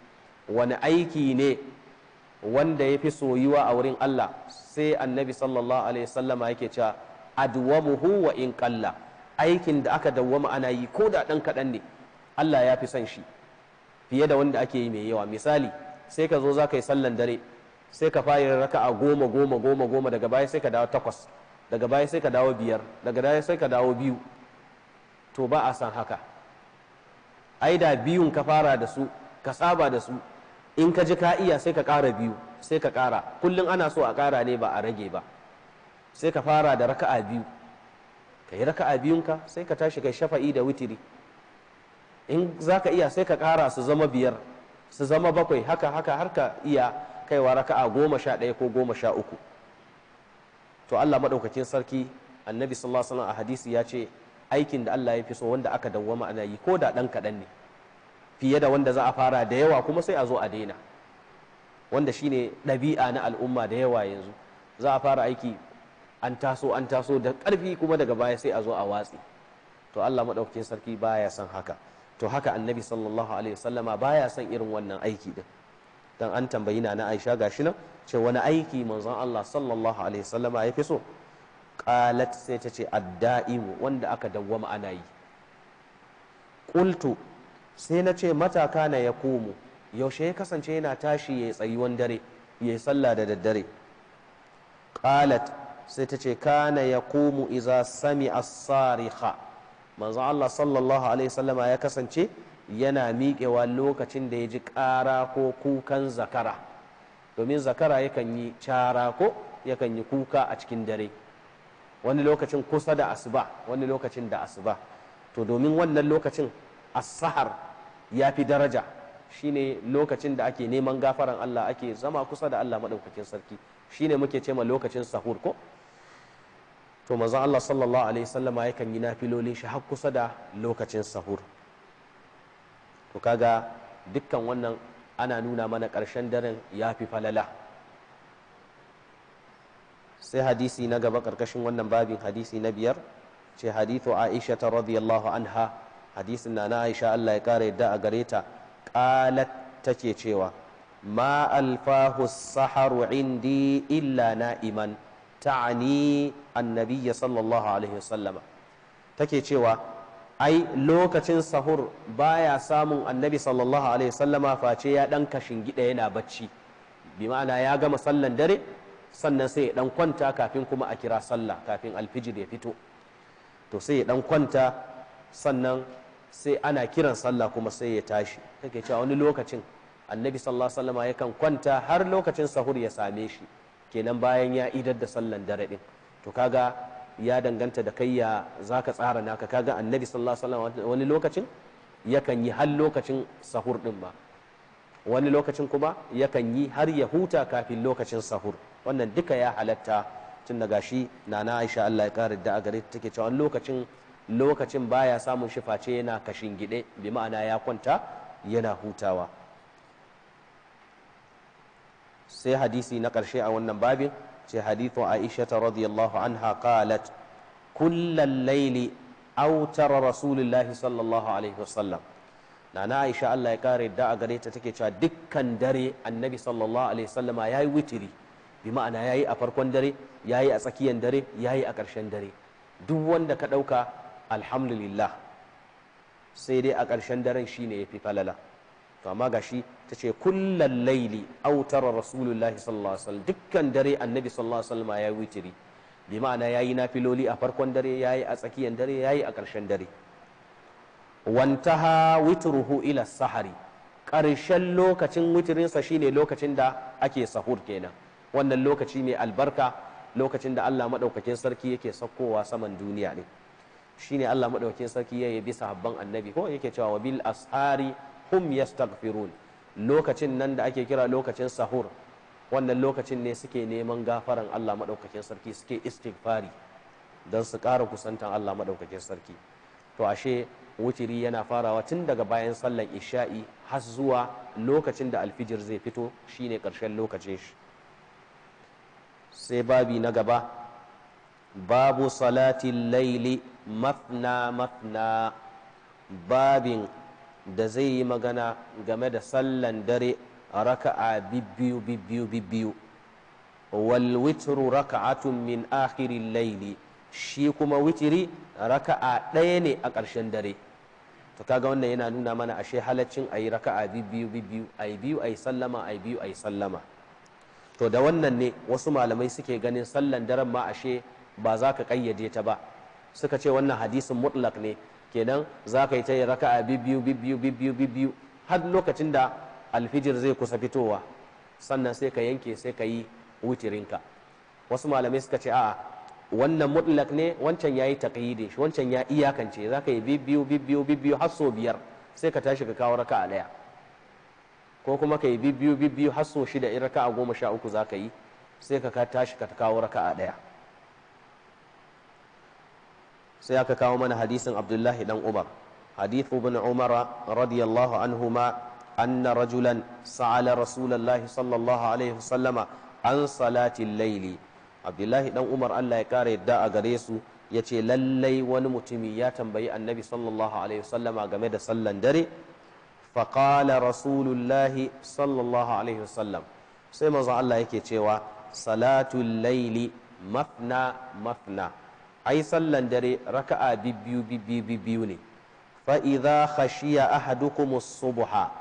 wani aiki ne wanda ya fi soyuwa a wurin Allah sai annabi sallallahu alaihi wasallam yake cewa adwamuhu wa in qalla aikin da aka dawwama ana yi ko da dan kadan ne Allah ya fi son shi fiye da wanda ake yi mai yawa misali sai ka zo za ka yi sallan dare sai ka fara raka'a goma goma goma goma daga baya sai ka dawo takwas daga baya sai ka dawo biyar daga baya sai ka dawo biyu to ba a san haka ai da biyun ka fara da su ka saba da su in ka ji ka iya sai ka ƙara biyu sai ka ƙara kullum ana so a ƙara ne ba a rage ba sai ka fara da raka'a biyu ka yi raka'a biyunka sai ka tashi kai shafa'i da witiri in za ka iya sai ka ƙara su zama biyar su zama bakwai haka haka har ka iya kaiwa raka'a goma sha ɗaya ko goma sha uku to allah maɗaukakin sarki annabi sallallahu alaihi wasallam a hadisi ya ce aikin da Allah ya fi so wanda aka dawwama ana yi ko da ɗan kaɗan ne fiye da wanda za a fara da yawa kuma sai a zo a daina wanda shine ɗabi'a na al'umma da yawa yanzu za a fara aiki an taso an taso da ƙarfi kuma daga baya sai a zo a watsi to Allah maɗaukakin sarki baya son haka to haka annabi sallallahu alaihi wasallama baya son irin wannan aiki din dan an tambayi na na Aisha gashi nan ce wani aiki manzon Allah sallallahu alaihi wasallama ya fi so ƙalat sai ta ce adda'imu wanda aka dawwama ana yi ƙultu sai na ce mataka na ya komo yaushe ya kasance yana tashi ya tsayuwan dare ya sallah da daddare ƙalat sai ta ce kana ya komo iza sami as-sariha manzo Allah sallallahu alaihi wasallama ya kasance yana miƙewa lokacin da ya ji ƙara ko kukan zakara domin zakara yakan yi cara ko yakan yi kuka a cikin dare wani lokacin kusa da asuba wani lokacin da asuba to domin wannan lokacin as-sahar ya fi daraja shine lokacin da ake neman gafaran Allah ake zama kusa da Allah maɗaukakin sarki shi shine muke ce ma lokacin sahur ko to manzon Allah sallallahu alaihi wasallama yakan yi na filolin shi har kusa da lokacin sahur to kaga dukkan wannan ana nuna mana ƙarshen daren ya fi falala sai hadisi na gaba karkashin wannan babin hadisi na biyar ce hadithu aisha ta radiyallahu anha hadisin na na aisha Allah ya kara yadda a gare ta qalat take cewa ma alfahu saharu indi illa na'iman ta'ani annabiyya sallallahu alaihi wasallama take cewa ai lokacin sahur baya samun annabi sallallahu alaihi wasallama face ya dan kashin gida yana bacci bi ma'ana ya gama sallan dare sannan sai ya dan kwanta kafin kuma a kira sallah kafin alfijir ya fito to sai ya dan kwanta sannan sai ana kiran sallah kuma sai ya tashi kake cewa wani lokacin annabi sallallahu alaihi wasallam yakan kwanta har lokacin sahur ya same shi kenan bayan ya idar da sallan dare din to kaga ya danganta da kai ya zaka tsara naka kaga annabi sallallahu alaihi wasallam wani lokacin yakan yi har lokacin sahur din ba wani lokacin kuma yakan yi har ya huta kafin lokacin sahur wannan duka ya halatta tun shi gashi na aisha allah ya kara da a gare take cewa lokacin lokacin baya samun shi face yana kashin gide bi ma'ana ya kwanta yana hutawa sai hadisi na karshe a wannan babin ce hadithu aisha ta radiyallahu anha qalat kullal laili autar rasulullahi sallallahu alaihi wasallam nana aisha Allah ya kare da a gare ta take cewa dukkan dare annabi sallallahu alaihi wasallama yayi witiri bi ma'ana yayi a farkon dare yayi a tsakiyar dare yayi a ƙarshen dare duk wanda ka ɗauka alhamdulillah sai dai a ƙarshen daren shine yafi falala to amma gashi ta ce kullal laili autara rasulullahi sallallahu alaihi wasallam dukkan dare annabi sallallahu alaihi wasallama yayi witiri bi ma'ana yayi nafiloli a farkon dare yayi a tsakiyar dare yayi a ƙarshen dare wantaha witruhu ila sahari ƙarshen lokacin witirinsa shine lokacin da ake sahur kenan wannan lokaci mai albarka lokacin da Allah maɗaukakin sarki yake saukowa saman duniya ne shine Allah maɗaukakin sarki ya yabi sahabban annabi ko yake cewa wa bil ashari hum yastaghfirun lokacin nan da ake kira lokacin sahur wannan lokacin ne suke neman gafaran Allah maɗaukakin sarki suke istighfari don su ƙara kusantan Allah maɗaukakin sarki to ashe wutiri yana farawa tun daga bayan sallan isha'i har zuwa lokacin da alfijir zai fito shine ƙarshen lokacin shi sai babi na gaba babu salatin laili mafna mafna babin da zai yi magana game da sallan dare raka'a bibbiyu bibbiyu bibbiyu wal witru raka'atun min akhirin laili shi kuma witiri raka'a ɗaya ne a ƙarshen dare to kaga wannan yana nuna mana ashe halaccin ayi raka'a biyu biyu ayi biyu ayi sallama ayi biyu ayi sallama to da wannan ne wasu malamai suke ganin sallan daren ma ashe ba za ka kayyade ta ba suka ce wannan hadisin mutlak ne kenan za ka yi ta yi raka'a biyu biyu biyu biyu har lokacin da alfijir zai kusa fitowa sannan sai ka yanke sai ka yi wutirinka wasu malamai suka ce a'a wannan mutlak ne wancan yi taƙayyide shi wancan ya iyakance ka yi bibbiyu bibbiyu bibbiyu har so biyar sai ka tashi ka kawo a daya ko kuma ka yi bibbiyu bibbiyu har so shida in a goma sha uku za ka yi sai ka tashi ka kawo a daya sai aka kawo mana hadisin abdullahi dan umar hadithu ibn umara radiyallahu anhuma أن رجلا سأل رسول الله صلى الله عليه وسلم عن صلاة الليل abdullahi dan umar allah ya kara yadda a gare su ya ce lallai wani mutumi ya tambayi annabi sallallahu alaihi wasallama game da sallan dare faƙala rasulullahi sallallahu alaihi wasallam sai manzon allah yake cewa salatul laili mafna mafna ai sallan dare raka'a bibbiyu bibbiyu biyu ne fa idza khashiya ahadukum subha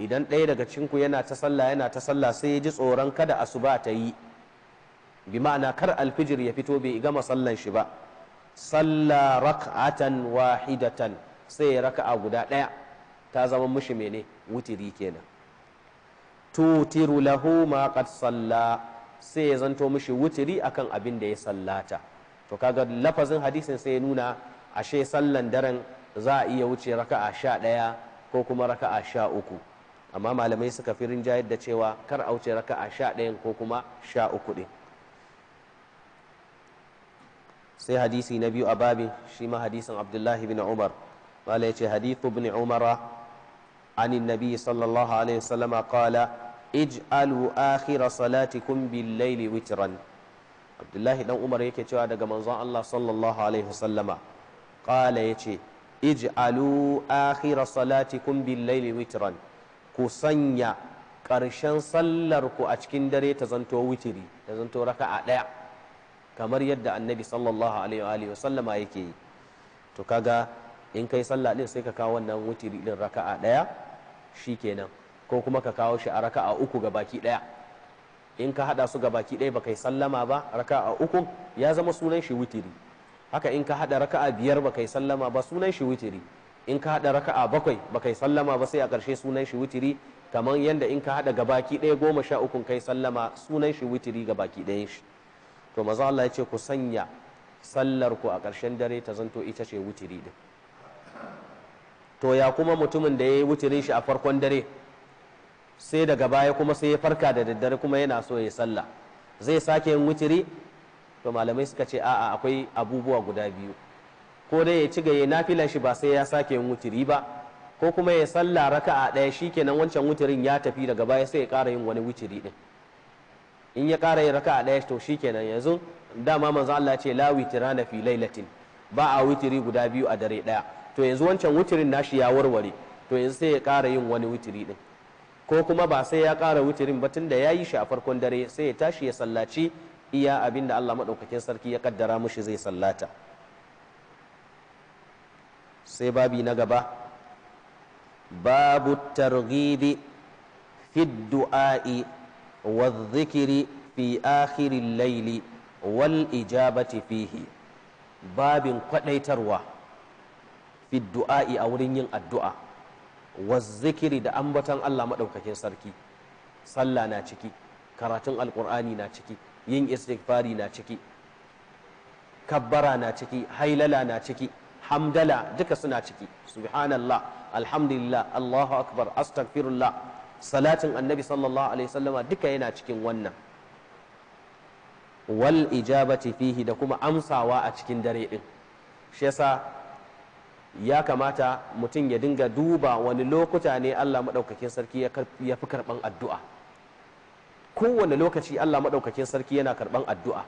idan ɗaya daga cinku yana ta sallah yana ta sallah sai ya ji tsoron kada asuba ta yi bi ma'ana kar alfijir ya fito bai gama sallan shi ba salla rak'atan wahidatan sai ya raka'a guda ɗaya ta zama mushi mene wutiri kenan tutiru lahu ma qad salla sai ya zanto mushi wutiri akan abin da ya sallata to kaga lafazin hadisin sai ya nuna ashe sallan daren za a iya wuce raka'a sha ɗaya ko kuma raka'a sha uku amma malamai suka fi rinjayar da cewa kar a wuce raka'a sha ɗayan ko kuma sha uku ɗin sai hadisi na biyu a babin shi ma hadisin abdullahi bin umar wala ya ce hadithu bin umara anin nabi sallallahu alaihi wasallama qala ij'alu akhira salatikum bil laili witran abdullahi dan umar yake cewa daga manzon Allah sallallahu alaihi wasallama qala yace ij'alu akhira salatikum bil laili witran ku sanya ƙarshen sallar ku a cikin dare ta zanto witiri ta zanto raka'a ɗaya kamar yadda annabi sallallahu alaihi wa alihi sallama yake yi to kaga in kai sallah din sai ka kawo wannan wutiri din raka'a daya shikenan ko kuma ka kawo shi a raka'a uku ga baki daya in ka hada su ga baki daya baka yi sallama ba raka'a uku ya zama sunan shi wutiri haka in ka hada raka'a biyar baka yi sallama ba sunan shi wutiri in ka hada raka'a bakwai baka yi sallama ba sai a karshe sunan shi wutiri kamar yadda in ka hada gabaki ɗaya goma sha ukun kai sallama sunan shi witiri baki ɗayan shi to maza Allah ya ce ku sanya sallar ku a ƙarshen dare ta zanto ita ce wuturi din to ya kuma mutumin da ya yi wuturin shi a farkon dare sai daga baya kuma sai ya farka da daddare kuma yana so ya salla zai sake yin wuturi to malamai suka ce a'a akwai abubuwa guda biyu ko dai ya ci gaye nafilan shi ba sai ya sake yin wuturi ba ko kuma ya sallah raka'a ɗaya shikenan wancan wuturin ya tafi daga baya sai ya ƙara yin wani wuturi. din in ya kara yin raka'a ɗaya to shi kenan yanzu dama manzo Allah ce la witrana fi lailatin ba a witiri guda biyu a dare ɗaya to yanzu wancan witirin nashi ya warware to yanzu sai ya kara yin wani witiri din ko kuma ba sai ya kara witirin ba tunda ya yi shi a farkon dare sai ya tashi ya sallaci iya abinda da Allah maɗaukakin sarki ya kaddara mushi zai sallata sai babi na gaba babu targhibi fi du'a'i والذكر في آخر الليل والإجابة فيه باب قديتروا في الدعاء أورين الدعاء والذكر da ambatan Allah maɗaukakin sarki sallah na ciki karatun alkur'ani na ciki yin istighfari na ciki kabbara na ciki hailala na ciki hamdala duka suna ciki subhanallah alhamdulillah allahu akbar astaghfirullah salatin annabi sallallahu alaihi wasallama duka yana cikin wannan wal ijabati fihi da kuma amsawa a cikin dare din shi yasa ya kamata mutum ya dinga duba wani lokuta ne Allah maɗaukakin sarki ya fi karɓan addu'a kowane lokaci Allah maɗaukakin sarki yana karban addu'a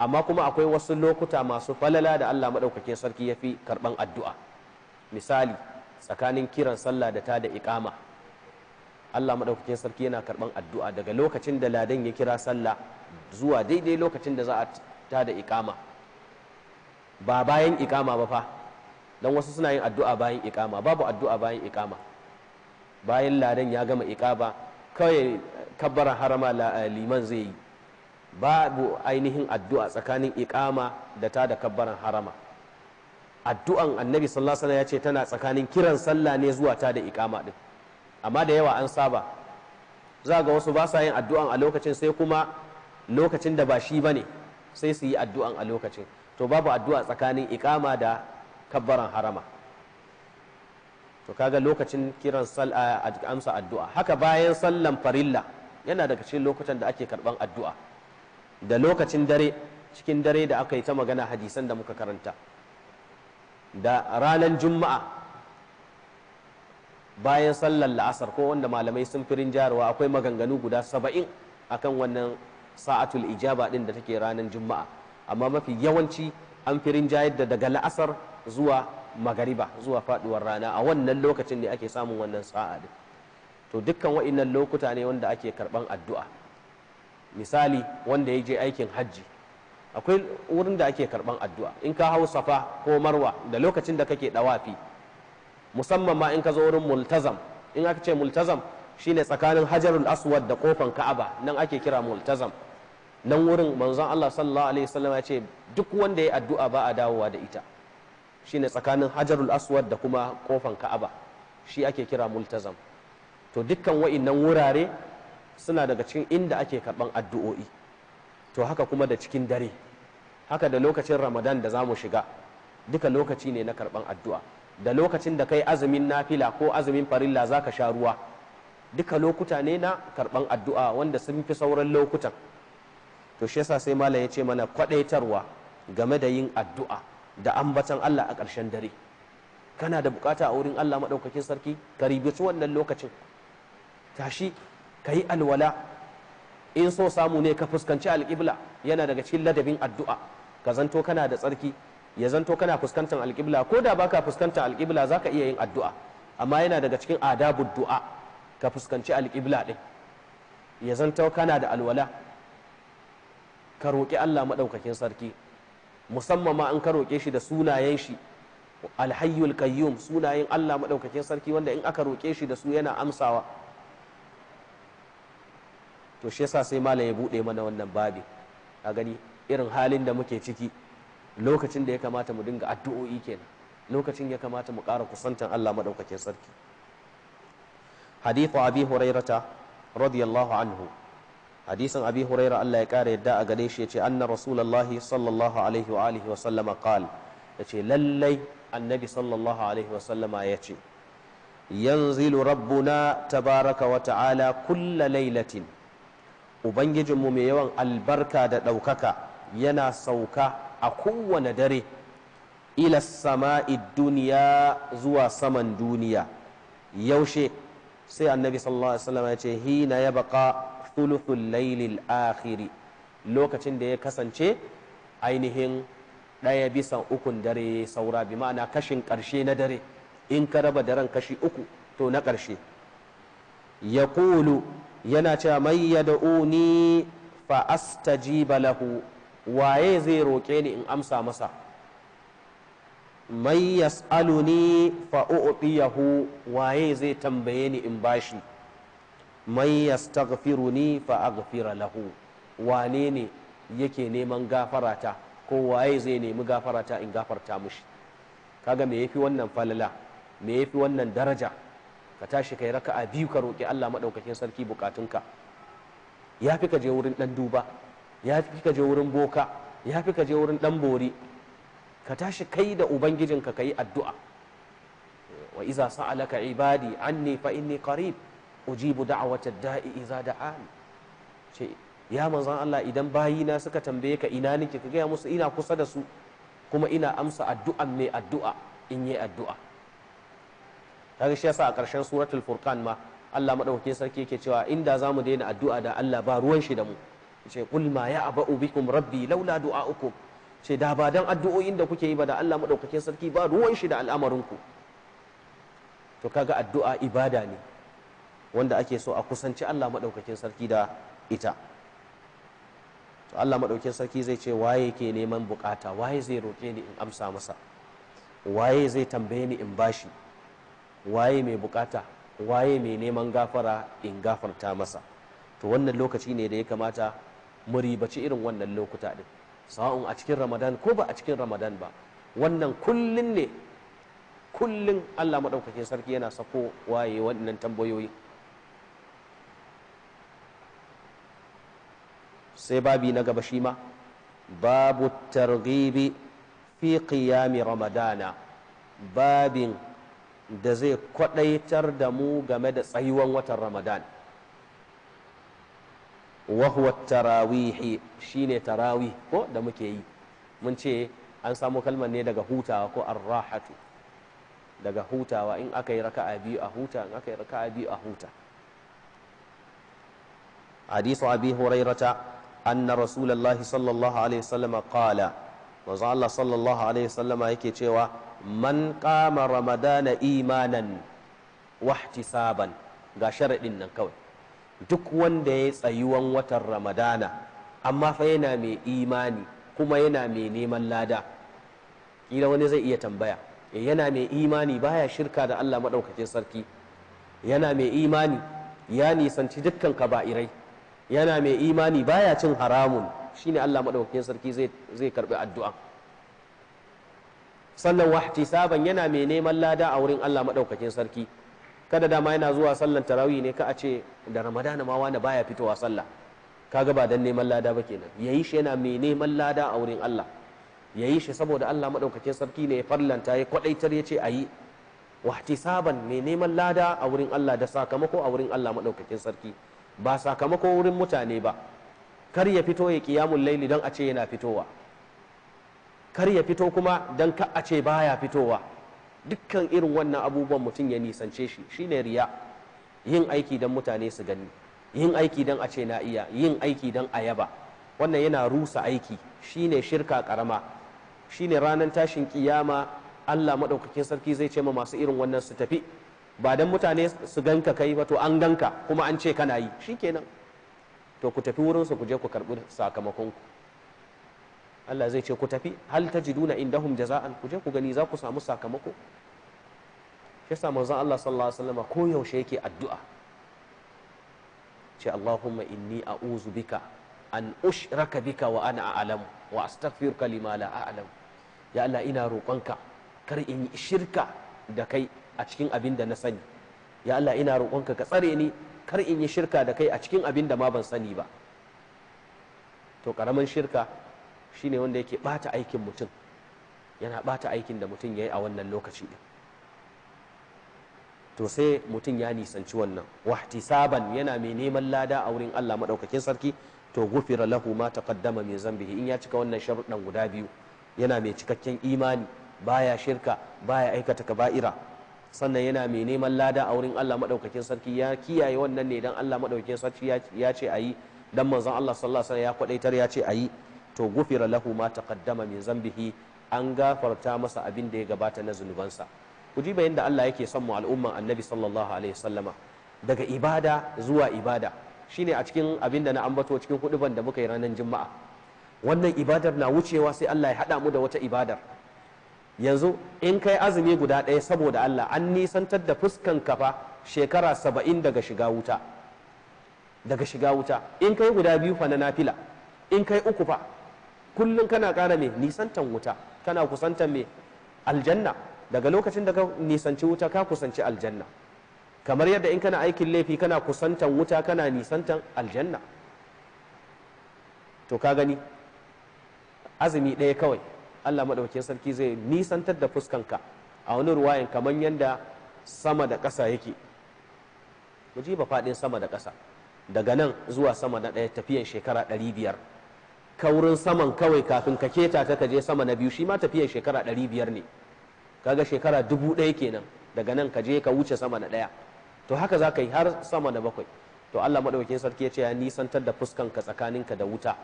amma kuma akwai wasu lokuta masu falala da Allah maɗaukakin sarki ya fi karɓan addu'a misali tsakanin kiran sallah da ta da iƙama Allah maɗaukakin sarki yana karɓan addu'a daga lokacin da ladan ya kira sallah zuwa daidai lokacin da za a ta da ikama ba bayan ikama ba fa don wasu suna yin addu'a bayan ikama babu addu'a bayan ikama bayan ladan ya gama iƙama kawai kabbaran harama eh, liman zai yi babu ainihin addu'a tsakanin ikama da ta da kabbaran harama addu'an annabi sallallahu ya ce tana tsakanin kiran sallah ne zuwa ta da ikama din amma da yawa an saba za ga wasu ba sa yin addu'an a lokacin sai kuma lokacin da ba shi ba ne sai su yi addu'an a lokacin to babu addu'a tsakanin ikama da kabbaran harama to kaga lokacin kiran amsa addu'a haka bayan sallan farilla yana daga cikin lokacin da ake karban addu'a da lokacin dare cikin dare da aka yi ta magana hadisan da muka karanta da ranar juma'a bayan sallar la'asar ko wanda malamai sun firin jaruwa akwai maganganu guda saba'in a kan wannan sa'atul ijaba din da take ranar juma'a amma mafi yawanci an firin jayar da daga la'asar zuwa magariba zuwa faduwar rana a wannan lokacin ne ake samun wannan sa'a din to dukkan wa'innan lokuta ne wanda ake karban addu'a misali wanda ya je aikin hajji akwai wurin da ake karban addu'a in ka hau safa ko marwa da lokacin da kake ɗawafi. musamman ma in ka zo wurin multazam in aka ce multazam shine tsakanin hajarul aswad da kofan ka'aba nan ake kira multazam nan wurin manzon Allah sallallahu alaihi wasallam ya ce duk wanda ya addu'a ba a dawowa da ita shine tsakanin hajarul aswad da kuma kofan ka'aba shi ake kira multazam to dukkan waannan wurare suna daga cikin inda ake karban addu'o'i to haka kuma da cikin dare haka da lokacin ramadan da za mu shiga duka lokaci ne na karban addu'a da lokacin da kai azumin nafila ko azumin farilla za ka sha ruwa duka lokuta ne na karban addu'a wanda sun fi sauran lokutan to shi yasa sai malam ya ce mana kwadaitarwa game da yin addu'a da ambatan Allah a ƙarshen dare kana da bukata a wurin Allah maɗaukakin sarki ka ribici wannan lokacin tashi ka yi alwala in so samu ne ka fuskanci alƙibla yana daga cikin ladabin addu'a ka zanto kana da tsarki ya zanto kana fuskantar alƙibla ko da baka fuskantar alƙibla za ka iya yin addu'a amma yana daga cikin adabun du'a ka fuskanci alƙibla din ya zanto kana da alwala ka roƙi Allah maɗaukakin sarki musamman ma an ka roƙe shi da sunayen shi alhayyul qayyum sunayen Allah maɗaukakin sarki wanda in aka roƙe shi da su yana amsawa to shi yasa sai malam ya buɗe mana wannan babi a gani irin halin da muke ciki lokacin da ya kamata mu dinga addu'o'i kenan lokacin ya kamata mu ƙara kusantan Allah maɗaukakin sarki hadithu abi hurairata radiyallahu anhu hadisin abi huraira Allah ya ƙara yadda a gare shi yace anna rasulullahi sallallahu alaihi wa alihi wa sallama qal yace lallai annabi sallallahu alaihi wa sallama yace yanzilu rabbuna tabaraka wa ta'ala kulla lailatin ubangijinmu mai yawan albarka da ɗaukaka yana sauka a kowane dare ila sama'i duniya zuwa saman duniya yaushe sai annabi sallallahu alaihi wasallam ya ce hina ya baka thuluthul lailil akhiri lokacin da ya kasance ainihin ɗaya bisan ukun dare saura bi ma'ana kashin ƙarshe na dare in ka raba daren kashi uku to na ƙarshe ya yana cewa mai ya da'uni fa astajiba lahu waye zai roƙe ni in amsa masa mai yas'aluni fa waye zai tambaye ni in bashi mai yastaghfiruni fa aghfira lahu wane ne yake neman gafarata ko waye zai nemi gafarata in gafarta mushi kaga me yafi wannan falala me yafi wannan daraja ka tashi kai a biyu ka roƙi Allah maɗaukakin sarki bukatunka ya fi ka je wurin ɗan duba ya fi ka je wurin boka ya fi ka je wurin dan bori ka tashi kai da ubangijinka ka yi addu'a wa iza sa'alaka ibadi anni fa inni qarib ujibu da'watad da'i iza da'an ce ya manzon Allah idan bayina suka tambaye ka ina nake ka gaya musu ina kusa da su kuma ina amsa addu'an mai addu'a in yi addu'a kaga shi yasa a karshen suratul furqan ma Allah madaukakin sarki yake cewa inda zamu daina addu'a da Allah ba ruwan shi da mu ce qul ma ya'ba'u bikum rabbi laula du'a uku ce da ba dan addu'o'in da kuke yi ba da Allah madaukakin sarki ba ruwan shi da al'amarin ku to kaga addu'a ibada ne wanda ake so a kusanci Allah maɗaukakin sarki da ita to Allah madaukakin sarki zai ce waye ke neman bukata waye zai roke ni in amsa masa waye zai tambaye ni in bashi waye mai bukata waye mai neman gafara in gafarta masa to wannan lokaci ne da ya kamata mu ribaci irin wannan lokuta din sa'un a cikin ramadan ko ba a cikin ramadan ba wannan kullun ne kullun Allah maɗaukakin sarki yana sako waye wannan tambayoyi sai babi na gaba shi ma babu targhibi fi qiyami ramadana babin da zai kwaɗaitar da mu game da tsayuwan watan ramadan wa tarawihi shine tarawi ko da muke yi mun ce an samu kalmar ne daga hutawa ko arrahatu daga hutawa in aka yi raka'a biyu a huta in aka yi raka'a biyu a huta حديث أبي هريرة أن رسول الله alaihi الله qala وسلم قال وزع alaihi صلى الله عليه وسلم يكي تشيوا من قام رمضان إيمانا واحتسابا غا duk wanda ya tsayuwan watan ramadana amma fa yana mai imani kuma yana mai neman lada kila wani zai iya tambaya eh, yana mai imani baya shirka da allah maɗaukakin sarki yana mai imani ya nisanci dukkan kaba'irai yana mai imani baya cin haramun shine allah maɗaukakin sarki zai karbi addu'a sannan wahtisaban yana mai neman lada a wurin allah maɗaukakin sarki kada dama yana zuwa sallan tarawih ne ka a ce da ramadana ma wani baya fitowa sallah kaga ba dan neman lada ba kenan yayi shi yana mai neman lada a wurin Allah yayi shi saboda Allah maɗaukakin sarki ne ya farlanta ya kwaɗaitar ya ce ayi saban mai neman lada a wurin Allah da sakamako a wurin Allah maɗaukakin sarki ba sakamako wurin mutane ba kar ya fito ya kiyamun laili dan a ce yana fitowa kar ya fito kuma dan ka a ce baya fitowa dukkan irin wannan abubuwan mutum ya nisance shi shine riya yin aiki don mutane su gani yin aiki don a ce na iya yin aiki don a yaba wannan yana rusa aiki shine shirka karama shine ranar tashin kiyama Allah maɗaukakin sarki zai ce ma masu irin wannan su tafi ba don mutane su ganka kai ba to an ganka kuma an ce kana yi shikenan to ku tafi wurin su ku je ku karɓi sakamakonku Allah zai ce ku tafi hal tajiduna indahum jaza'an ku je ku gani za ku samu sakamako shi yasa manzon Allah sallallahu alaihi wasallam ko yaushe yake addu'a ce Allahumma inni a'udhu bika an ushraka bika wa ana a'lamu wa astaghfiruka lima la ya Allah ina roƙonka kar in yi shirka da kai a cikin abin da na sani ya Allah ina roƙonka ka tsare ni kar in yi shirka da kai a cikin abin da ma ban sani ba to karaman shirka shine wanda yake bata aikin mutum yana bata aikin da mutum ya yi a wannan lokaci ɗin to sai mutum ya nisanci wannan saban yana mai neman lada a wurin Allah maɗaukakin sarki to gufira lahu ma taqaddama min zambihi in ya cika wannan sharuɗan guda biyu yana mai cikakken imani baya shirka baya aikata kaba'ira sannan yana mai neman lada a wurin Allah maɗaukakin sarki ya kiyaye wannan ne dan Allah maɗaukakin sarki ya ce ayi dan manzon Allah sallallahu alaihi wasallam ya kwadaitar ya ce ayi to gufira lahu ma taqaddama min zambihi an gafarta masa abin da ya gabata na zunubansa ku ji bayan da Allah yake son mu al'umman annabi sallallahu alaihi wasallama daga ibada zuwa ibada shine a cikin abin da na ambato cikin huduban da muka yi ranar juma'a wannan ibadar na wucewa sai Allah ya hada mu da wata ibadar yanzu in kai azumi guda ɗaya saboda Allah an nisantar da fuskan kafa shekara saba'in daga shiga wuta daga shiga wuta in kai guda biyu fa na nafila in kai uku fa kullum kana kara mai nisantan wuta kana kusantan mai aljanna daga lokacin da ka nisanci wuta ka kusanci aljanna kamar yadda in kana aikin laifi kana kusantan wuta kana nisantan aljanna to ka gani azumi ɗaya kawai allah maɗaukin sarki zai nisantar da fuskanka a wani ruwayan kamar yadda sama da ƙasa yake ji ba faɗin sama da ƙasa daga nan zuwa sama na ɗaya tafiyan shekara ɗari biyar kaurin saman kawai kafin ka keta ta kaje sama na biyu shi ma tafiyar shekara ɗari biyar ne kaga shekara dubu ɗaya kenan daga nan ka je ka wuce sama na ɗaya to haka za ka yi har sama na bakwai to Allah maɗaukakin sarki ya ce ya nisantar da fuskan ka tsakanin ka da wuta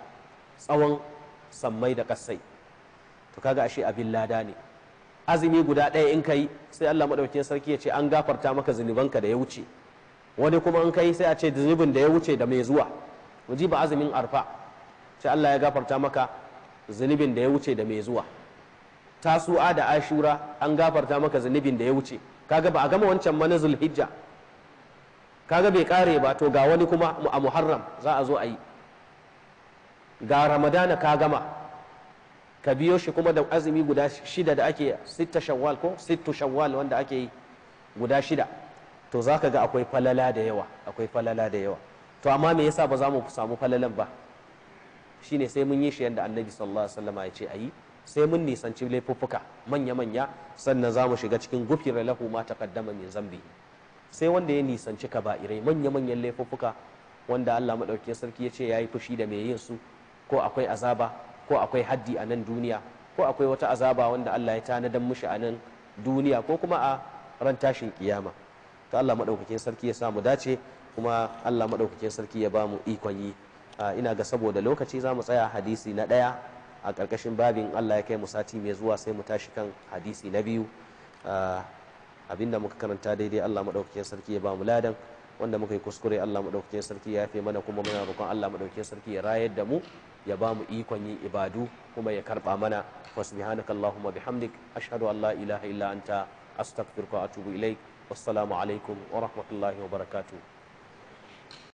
tsawon sammai da ƙasai to kaga ashe abin lada ne azumi guda ɗaya in kai sai Allah maɗaukakin sarki ya ce an gafarta maka ka da ya wuce wani kuma in kai sai a ce zunubin da ya wuce da mai zuwa mu ji ba azumin arfa sai Allah ya gafarta maka zunubin da ya wuce da mai zuwa tasu'a da ashura an gafarta maka zunubin da ya wuce kaga ba a gama wancan mana zulhijja kaga bai kare ba to ga wani kuma a muharram za a zo a yi ga ramadana ka gama ka biyo shi kuma da azumi guda shida da ake sitta shawwal ko sittu shawwal wanda ake yi guda shida to za ka ga akwai falala da yawa akwai falala da yawa to amma me yasa ba za mu samu falalan ba shine sai mun yi shi yadda annabi sallallahu alaihi wasallam ya ce a yi sai mun nisanci laifuffuka manya-manya sannan za mu shiga cikin gufira lahu ma taqaddama min zambi sai wanda ya nisanci kaba'irai manya-manyan laifuffuka wanda Allah madaukakin sarki ya ce ya yi fushi da mai yin su ko akwai azaba ko akwai haddi a nan duniya ko akwai wata azaba wanda Allah ya tanadan mushi a nan duniya ko kuma a ran tashin kiyama to Allah madaukakin sarki ya samu dace kuma Allah madaukakin sarki ya bamu ikon yi Ah, ina ga saboda lokaci za mu tsaya hadisi na ɗaya a ƙarƙashin babin allah ya kai mu sati mai zuwa sai mu tashi kan hadisi na biyu ah, abinda muka karanta daidai allah maɗaukakin sarki ya ba mu ladan wanda muka yi kuskure allah maɗaukakin sarki ya yafe mana kuma muna roƙon allah maɗaukakin sarki ya rayar da mu ya ba mu ikon yin ibadu kuma ya karɓa mana wasbihanaka allahumma bihamdik ashhadu an la ilaha illa anta astaghfiruka wa atubu ilaik wassalamu alaikum wa rahmatullahi wa barakatuh